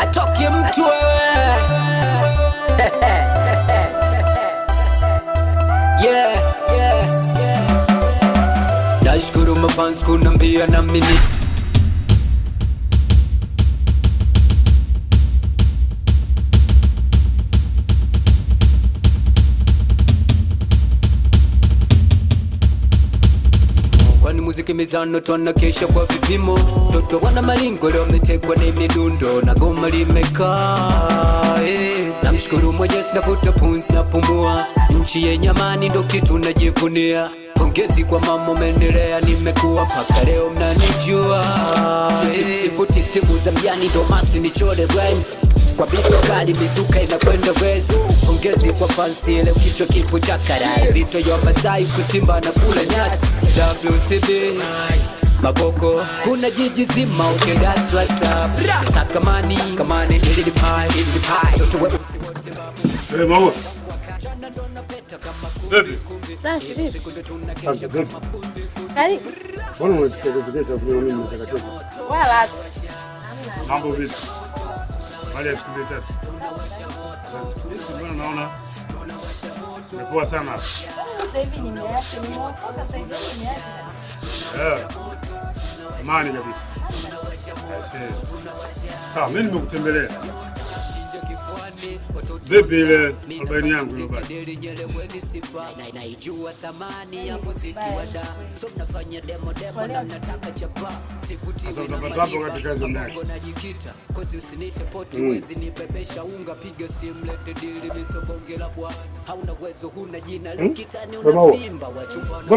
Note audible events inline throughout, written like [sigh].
atoki mtu wewe [laughs] yeah. Nashukuru mafans kunambia na mimi Malizano twanakesha kwa vipimo, toto wana malingo leo wametekwa na midundo na goma limekaa eh. Namshukuru Mwenyezi, navuta pumzi, napumua, nchi yenye amani ndo kitu najivunia. Gezi kwa mama umeendelea, nimekuwa mpaka leo mnanijua. Sifuti stimu za mjani, domasi ni chole rhymes kwa bito kali, mizuka inakwenda wezu. Ongezi kwa fansi ile kichwa kipo cha karai, vito ya Masai kusimba na kula nyasi. WCB Maboko kuna jiji zima ukedaswa sabra sakamani kamani ili pai ili pai Vipi? Safi vipi? Karibu. Yaani, mbona unachukua kufikisha kwa mimi mtakatifu? Wala. Mambo vipi? Hali ya siku tatu. Mbona naona ni poa sana. Sasa hivi nimeacha nimeotoka sasa hivi nimeacha. Eh, amani kabisa. Sawa, mimi nimekutembelea. Vipi ile arobaini yangu naijua katika hizo ndani. Mm. Mm? Mm.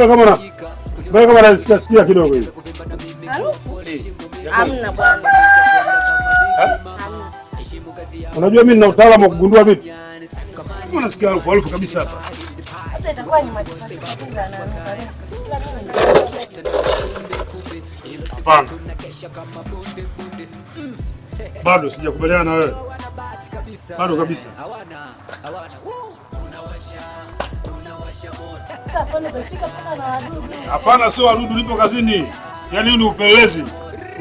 kama nasikia sikia kidogo hivi. Unajua mimi nina utaalamu wa kugundua vitu. Kama nasikia harufu harufu kabisa hapa. Hata itakuwa ni Hapana. Hmm. Bado sijakubaliana na wewe. Bado kabisa. Hapana, sio wadudu, nipo kazini. Yaani ni upelelezi,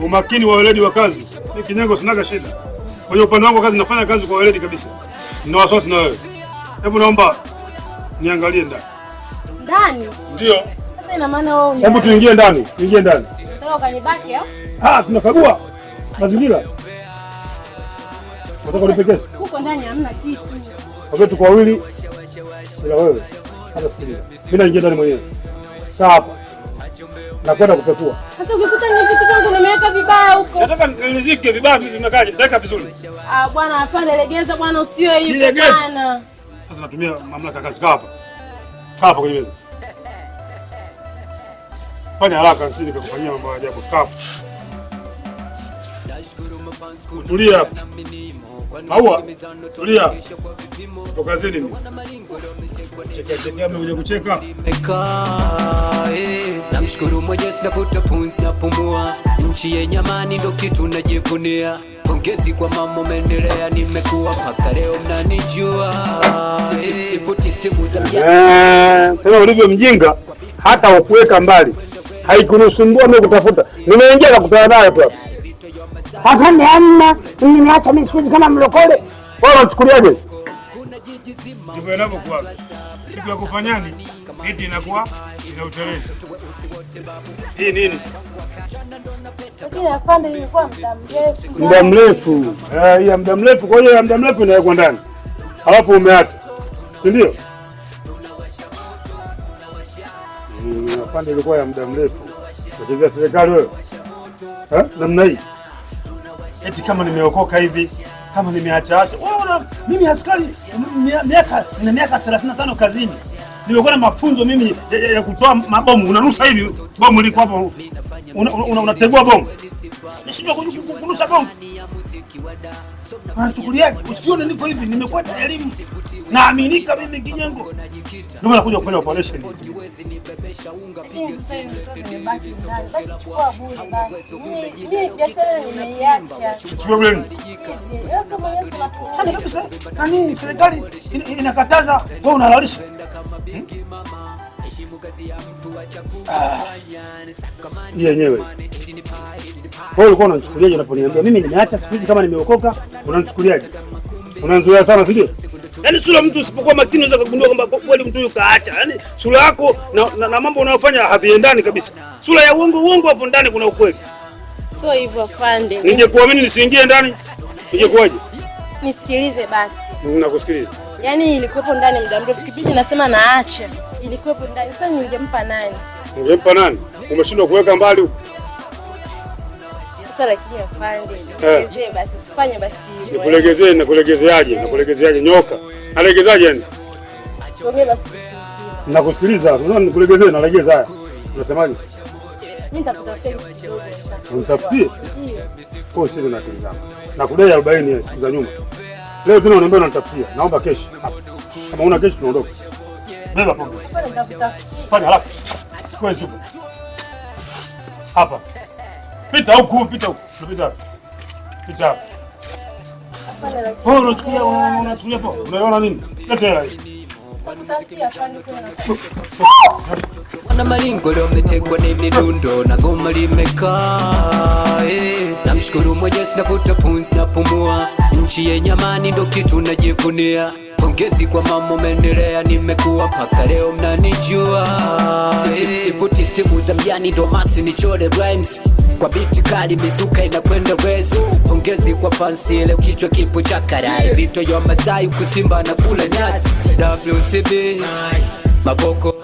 umakini wa weledi wa kazi. Ni kinyago sinaga shida. Kwenye upande wangu kazi nafanya kazi kwa weledi kabisa. Nina wasiwasi na wewe. Hebu naomba niangalie ndani. Ndani? Ndio. Sasa ina maana wewe Hebu tuingie ndani. ingie ndani. Nataka ukanibaki au? Ah, tunakagua mazingira. Nataka ulipe pesa. Huko ndani hamna kitu. Kwa tuko wawili. Bila wewe. Hata sikiliza. Mimi naingia ndani mwenyewe. Sawa na kwenda kupekua. Sasa ukikuta ni vitu vyangu nimeweka vibaya huko, nataka nilizike vibaya, vimekaa nitaweka vizuri. Ah bwana, hapana, legeza bwana, usiwe hivi bwana. Sasa natumia mamlaka kazi hapa hapa kwenye meza. Fanya haraka nsije nikakufanyia mambo ya ajabu. Utulia hapo. Maua, tulia. Kwa kazi nini? Cheka cheka mmekuja kucheka. Eh, namshukuru Mwenyezi na vuta pumzi na pumua. Nchi yenye amani ndio kitu najivunia. Pongezi kwa mama, umeendelea nimekuwa mpaka leo mnanijua. Eh, Tena eh, ulivyo mjinga hata wakuweka mbali. Haikunusumbua mimi kutafuta. Nimeingia na kutana naye tu hapa. Afande hamna, mimi hata mimi sikuzi kama mlokole. Wewe unachukuliaje? Ndivyo inavyokuwa. Siku ya kufanyani eti inakuwa inauteleza. Hii nini sasa? muda mrefu. Eh, ya muda mrefu kwa hiyo ya muda mrefu inawekwa ndani. Alafu umeacha. Si ndio? Afande ilikuwa ya muda mrefu. serikali wewe. Eh, namna hii eti kama nimeokoka hivi, kama nimeacha acha. Wewe mimi askari miaka na miaka 35 kazini, nimekuwa na mafunzo mimi ya kutoa mabomu, unanusa hivi bomu liko hapo, unategua bomu, nishindwa kunusa bomu, anachukuliaje? Usione niko hivi, nimekuwa na elimu naaminika mimi Kinyengo, ndio maana nakuja kufanya operation. Kabisa nani serikali inakataza, wewe unalalisha yenyewe ah. wewe ulikuwa unanichukuliaje unaponiambia mimi nimeacha siku hizi kama nimeokoka? Unanichukuliaje? Unanizuia sana, sivyo? Yaani sura mtu usipokuwa makini unaweza kugundua kwamba kweli mtu huyu kaacha. Yaani sura yako na, na, na mambo unayofanya haviendani kabisa. Sura ya uongo uongo, hapo ndani kuna ukweli. Sio hivyo afande. Nije kuamini nisiingie ndani. Nije kuaje? Nisikilize basi. Nakusikiliza. Yaani ilikuwepo ndani muda mrefu kipindi nasema naacha. Ilikuwepo ndani. Sasa ningempa nani? Ningempa nani? Umeshindwa kuweka mbali huko. Sasa lakini afande, nilegezee eh. basi, sifanye basi Nikulegezee, nakulegezeaje? Nakulegezeaje nyoka? Nalegezaje yani? Tuongee basi. Nakusikiliza, unaona nikulegezee, nalegeza haya. Unasemaje? nitakutafutia. Kwa siri na kizama. Nakudai 40 siku za nyuma. Leo tena unaambia unanitafutia. Naomba kesho hapa. Kama una kesho tunaondoka. Bila pombe. Fanya haraka. Kwenda hapa. Pita huku, pita huku. Pita hapo. Pita hapo. Hapo unachukulia unachukulia hapo. Unaona nini? Leta hela hii. Wana maringo leo mmetekwa na midundo na goma limekaa. Eh. Namshukuru Mwenyezi, navuta pumzi, napumua. Nchi yenye amani ndo kitu najivunia. Gezi kwa mambo mendelea, nimekuwa mpaka leo mnanijua. Sifuti stimu za mjani, ndo masi chole rhymes kwa biti kali, mizuka inakwenda wezu. Pongezi kwa fansi ile kichwa kipo cha karai, vito ya Masai kusimba na kula nyasi WCB maboko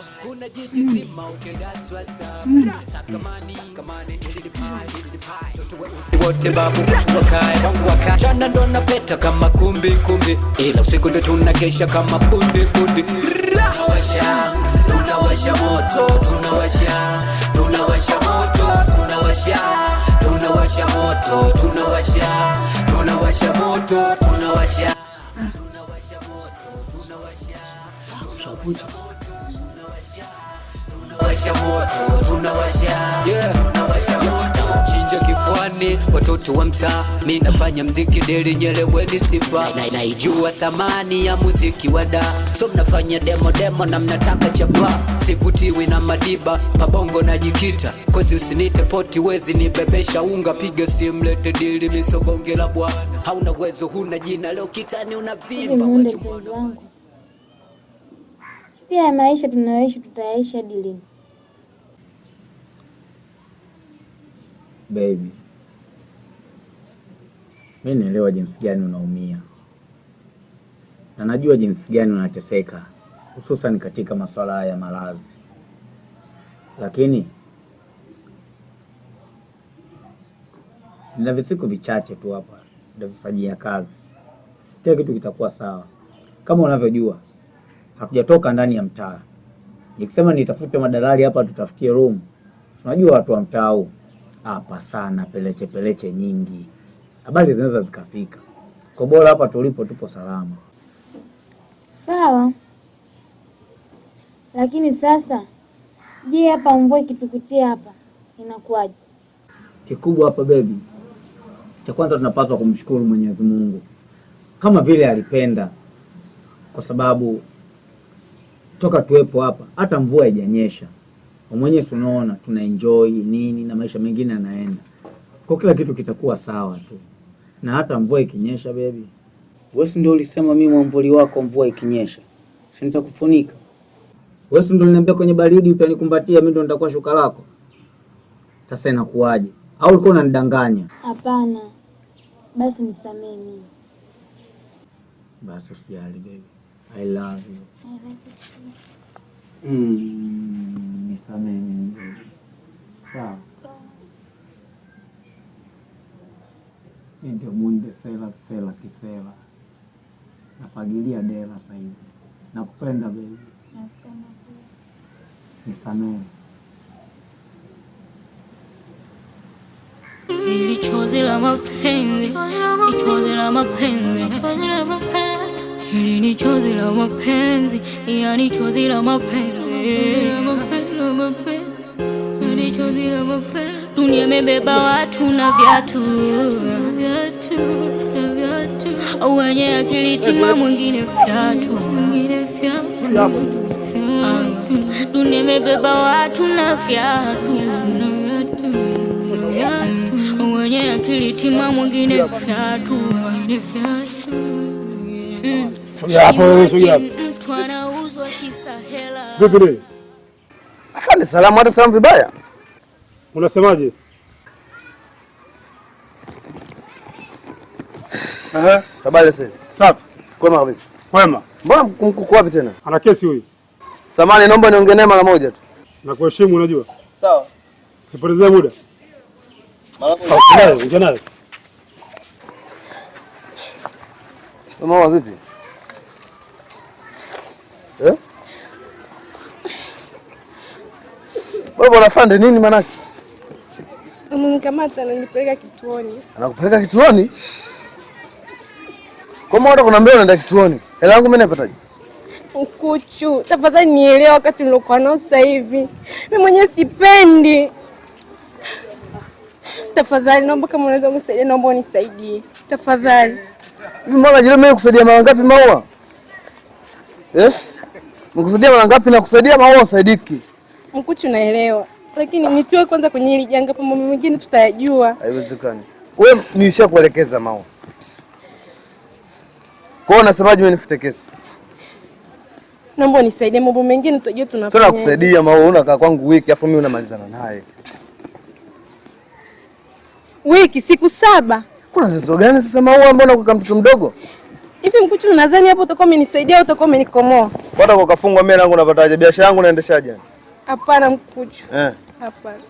Mm. wote babu wakae wangu wakae chana ndo kama kumbi kumbi, ila usiku ndo tunakesha kama bundi bundi. tunawasha Washa moto, yeah. moto. Chinja kifwani watoto wa mtaa, mi nafanya mziki deli nyeleweli sifa, naijua thamani ya muziki wa da, so mnafanya demo demo na mnataka chapa, sivutiwi na madiba, pabongo na jikita, kozi usinite poti, wezi nibebesha unga, piga simu lete dili, misobongela la bwana, hauna uwezo, huna jina, leo kitani unavimba pia ya maisha tunayoishi tutaishi hadi lini? Baby, mi naelewa jinsi gani unaumia na najua jinsi gani unateseka, hususan katika masuala haya ya malazi, lakini nina visiku vichache tu hapa nitavifanyia kazi, kila kitu kitakuwa sawa kama unavyojua hakujatoka ndani ya mtaa. Nikisema nitafute madalali hapa, tutafikie room, tunajua watu wa mtaa hapa sana, peleche peleche nyingi, habari zinaweza zikafika. Kwa bora hapa tulipo tupo salama. Sawa, lakini sasa, je, hapa mvua ikitukutia hapa inakuwaje? Kikubwa hapa bebi, cha kwanza tunapaswa kumshukuru Mwenyezi Mungu kama vile alipenda, kwa sababu toka tuwepo hapa hata mvua haijanyesha, mwenye tunaona tuna enjoy nini na maisha mengine yanaenda kwa kila kitu kitakuwa sawa tu, na hata mvua ikinyesha, baby wewe si ndio ulisema mimi mwamvuli wako, mvua ikinyesha si nitakufunika wewe? Si Ndio uliniambia kwenye baridi utanikumbatia, mimi ndio nitakuwa shuka lako. Sasa inakuwaje? Au ulikuwa unanidanganya? Hapana, basi nisamee mimi. Basi usijali baby. I love you. I love you. Mm, nisamehe mimi. Sawa. Mimi ndio mwinde sela sela kisela. Nafagilia dela saizi hivi. Nakupenda baby. Nakupenda. Nisamehe. Ni la mapenzi, ni la mapenzi, ni la mapenzi. Yani ni chozi la mapenzi, yani chozi la mapenzi. Dunia imebeba watu na viatu, wenye akili timamu mwingine viatu. Dunia imebeba watu na viatu, wenye akili timamu mwingine viatu Vipi afande, salamu hata salamu vibaya, unasemaje? Habari sasa? Safi. Kwema kabisa. Kwema. Mbona mkuku wapi tena? Ana kesi huyu. Samani, naomba niongee naye mara moja tu. Nakuheshimu, unajua. Sawa. Nipotezee muda. Mara moja. Vipi? bwana Fande, nini manake? Ananikamata ananipeleka kituoni. Anakupeleka kituoni? Kwa maana kunambia unaenda kituoni. Hela yangu mimi naipataje? Ukuchu, tafadhali nielewa wakati nilokuwa nao sasa hivi. Mimi mwenyewe sipendi. Tafadhali naomba kama unaweza kunisaidia, naomba unisaidie. Tafadhali. Mimi mwana jile mimi kusaidia mara ngapi maua? Eh? Nikusaidia mara ngapi na kusaidia maua saidiki? Mkuchi, unaelewa, lakini nitoe kwanza kwenye hili janga, pamo mwingine tutayajua. Haiwezekani. Wewe kuelekeza Mao. Kwa hiyo unasemaje mimi nifute kesi? Naomba unisaidie mambo mengine tutajua tunafanya. Sasa nakusaidia Mao, unakaa kwangu wiki afu mimi unamalizana naye. Wiki siku saba. Kuna zizo gani sasa Mao, mbona kwa mtoto mdogo? Hivi mkuchu unadhani hapo utakuwa umenisaidia au utakuwa umenikomoa? Bado kwa kafungwa mimi nangu napataje biashara yangu naendeshaje? Hapana mkuchu, eh. hapana.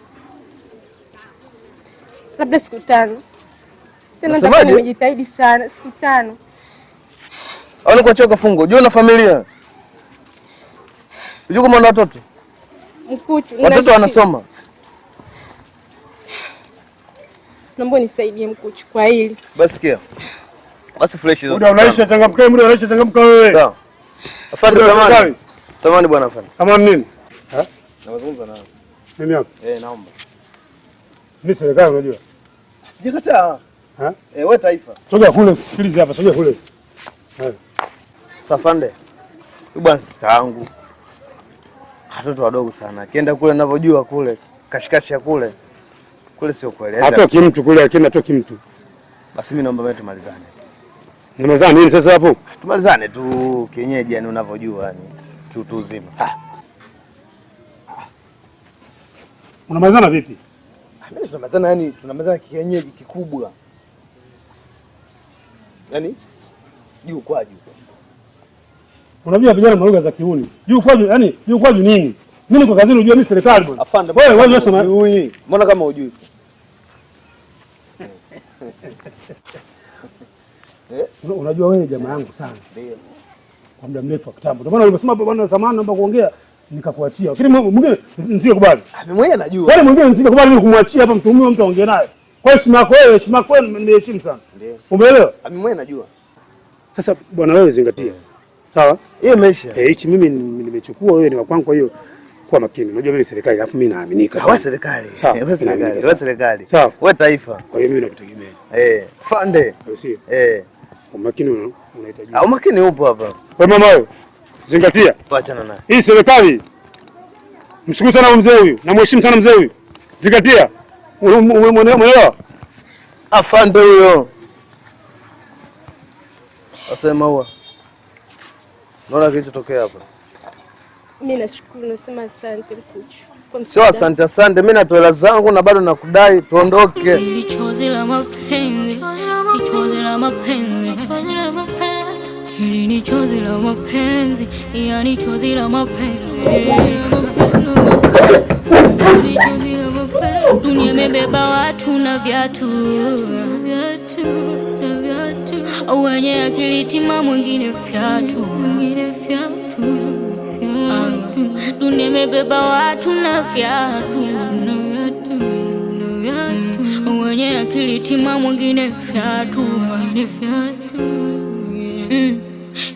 Labda siku tano tena, ndio nimejitahidi sana. Siku tano au nikuachoka fungo juu na familia juu kama na watoto mkuchu, watoto wanasoma. Naomba nisaidie mkuchu kwa hili basi. Sikia basi, fresh hizo muda unaisha, changamka, muda unaisha, changamka wewe. Sawa afande, samani, samani bwana, afande, samani nini? Nazungumza na mimi hapo. Eh, naomba. Mimi serikali unajua. Ah, sijakataa. Eh, wewe taifa. Soja kule, sikiliza hapa, soja kule. Haya. Eh. Safande. bwana sister yangu. Watoto wadogo sana. kienda kule ninavyojua kule, kashikashi ya kule. Kule sio kueleza. Yaani hatoki mtu kule, akienda toki mtu. Basi mimi naomba wewe tumalizane. Nimezani nini sasa hapo? Tumalizane tu kienyeji yani unavyojua yani kiutu uzima. Ah. Unamalizana vipi? Ah, mimi tunamalizana yani, tunamalizana kienyeji kikubwa, yaani juu kwa juu. Unajua vijana malugha za kiuni, juu kwa juu, yani juu kwa juu nini? Mimi niko kazini, unajua mimi serikali bwana. Afande, wewe wewe unasema hujui. Mbona kama hujui sasa? [laughs] Eh, unajua wewe jamaa yangu sana. Ndio. Kwa muda mrefu kitambo. Ndio maana uliposema bwana, zamani naomba kuongea nikakuachia. Lakini mwingine nzie kubali. Mwenyewe anajua. Yaani mwingine nzie kubali ni kumwachia hapa mtu mmoja mtu aongee naye. Kwa heshima yako wewe, heshima yako nimeheshimu sana. Ndio. Umeelewa? Ami mwenyewe anajua. Sasa bwana wewe zingatia. Sawa? Hiyo imeisha. Eh, hichi mimi nimechukua wewe ni wa kwangu kwa hiyo kuwa makini. Unajua mimi serikali alafu mimi naaminika sana. Wewe serikali. Eh, wewe serikali. Wewe serikali. Sawa. Wewe taifa. Kwa hiyo mimi nakutegemea. Eh, fande. Sio. Eh. Umakini unahitajika. Ah, umakini upo hapa. Wewe mama wewe zingatia. Achana naye. Hii serikali mshukuru sana mzee huyu na mheshimu sana mzee huyu, zingatia. Umeelewa? Afande huyo asema huwa naona kilichotokea hapa. Mimi nashukuru, nasema asante mkuu. Sio asante, asante. Mimi natoa hela zangu na bado nakudai, tuondoke. la la la mapenzi, mapenzi, mapenzi. Hili ni chozi la mapenzi, ya ni chozi la mapenzi. Dunia imebeba watu na viatu, wenye akili timamu mwingine fyatu. Dunia imebeba watu na viatu, wenye akili timamu mwingine fyatu.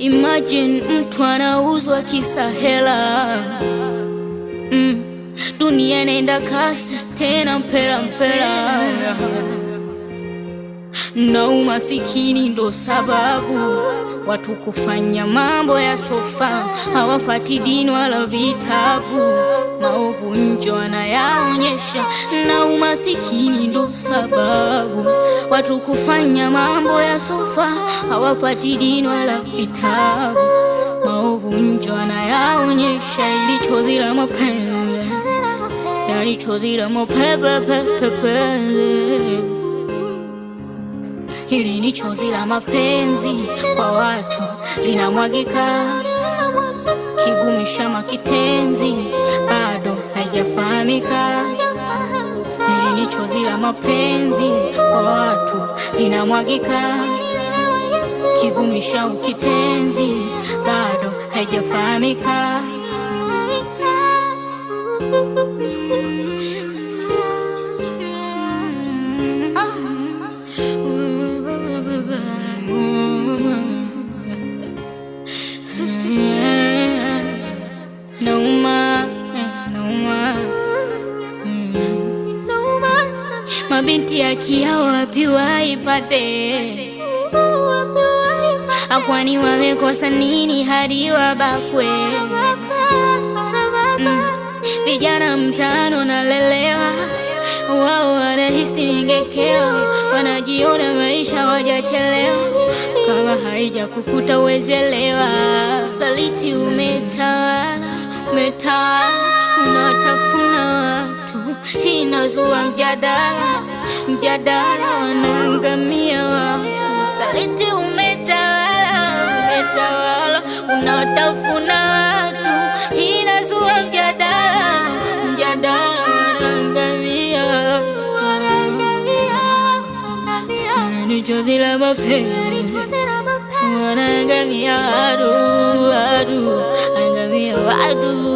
Imagine mtu anauzwa kisa hela mm. Dunia inaenda kasi tena mpela mpela na umasikini ndo sababu watu kufanya mambo ya sofa, hawafati dini wala vitabu. Maovu nje wanayaonyesha, na umasikini ndo sababu watu kufanya mambo ya sofa, hawafati dini wala vitabu. Maovu nje wanayaonyesha, ili chozi la mapenzi, yani chozi la mapenzi Hili ni chozi la mapenzi kwa watu linamwagika, kigumishama kitenzi bado haijafahamika. Hili ni chozi la mapenzi kwa watu linamwagika, kigumisha ukitenzi bado haijafahamika. wapi waipate? Akwani wamekosa nini hadi wabakwe? Mm. Vijana mtano nalelewa, wao wanahisi ningekewa, wanajiona maisha wajachelewa. Kama haija kukuta uwezelewa. Usaliti umetawala, umetawala watu inazua mjadala, mjadala wanaangamia watu. Usaliti umetawala, umetawala unaotafuna watu inazua mjadala, mjadala wanaangamia, wanaangamia ni chozi la mapenzi wanaangamia watu, watu, angamia watu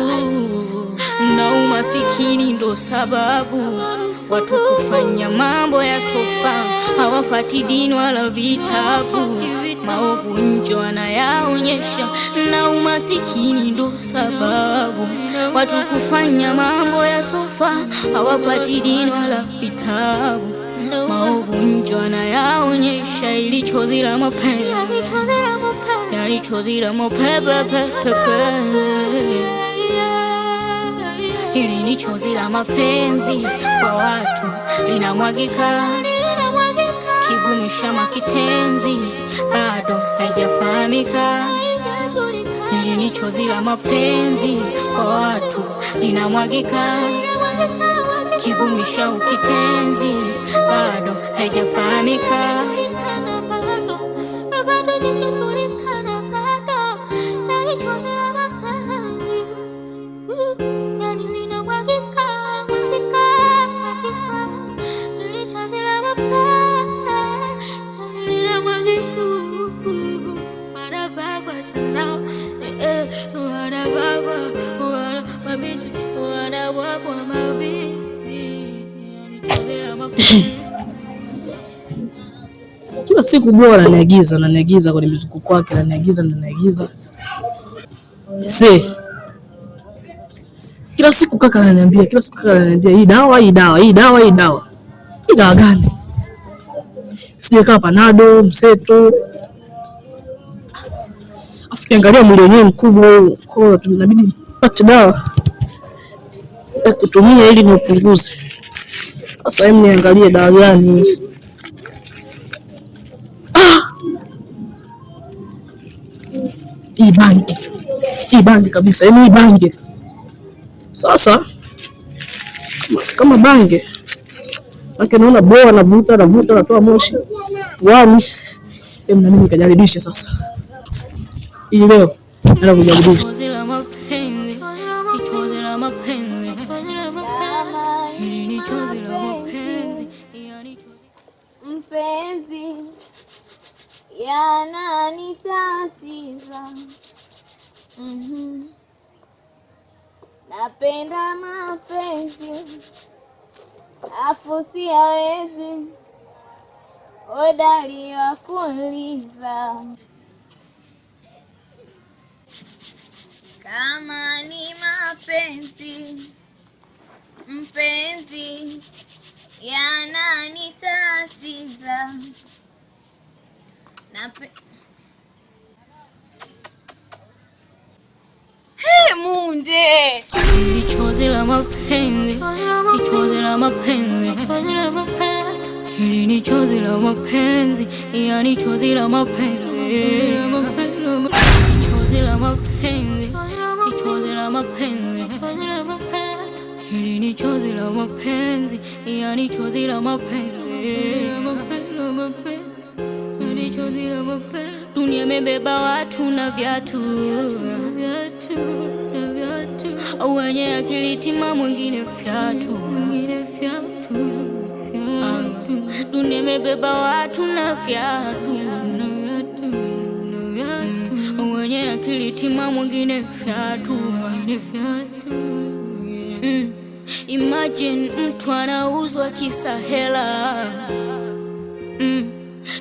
na umasikini ndo sababu watu kufanya mambo ya sofa, hawafati dini wala vitabu. Maovu nje wanayaonyesha, na umasikini ndo sababu watu kufanya mambo ya sofa, hawafati dini wala vitabu. Maovu nje wanayaonyesha, ili chozi la mapenzi, yani chozi la mapenzi Hili ni chozi la mapenzi kwa watu linamwagika, kigumisha makitenzi bado haijafahamika. Hili ni chozi la mapenzi kwa watu linamwagika, kigumisha ukitenzi bado haijafahamika. kila siku bora ananiagiza ananiagiza kwenye mizunguko kwake, ananiagiza ananiagiza se kila siku kaka ananiambia, kila siku kaka ananiambia hii dawa hii dawa hii dawa hii dawa hii dawa gani? Sijakaa panado mseto, afu kiangalia mwili wenyewe mkubwa huo, kwa hiyo inabidi dawa ya kutumia ili niupunguze. Sasa hebu niangalie dawa gani. Ah! Ibange. Ibangi kabisa, yaani ibangi. Sasa kama bange ake naona boa, navuta navuta, natoa moshi wani, na mimi nikajaribisha sasa, ili leo naenda kujaribisha yananitatiza mm-hmm. Napenda mapenzi afu siyawezi, hodari wa kuliza kama ni mapenzi mpenzi yananitatiza Nape... Hey, Munde. ni chozi la mapenzi. Yani chozi la mapenzi dunia imebeba watu na viatu, wenye akili timamu wengine viatu, dunia imebeba watu na viatu, wenye akili timamu wengine viatu. Mm. Imagine mtu anauzwa kisa hela mm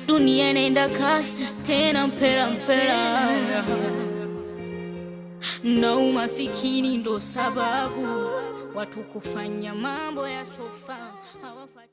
dunia inaenda kasi tena, mpera mpera, na umasikini ndo sababu watu kufanya mambo ya sofa.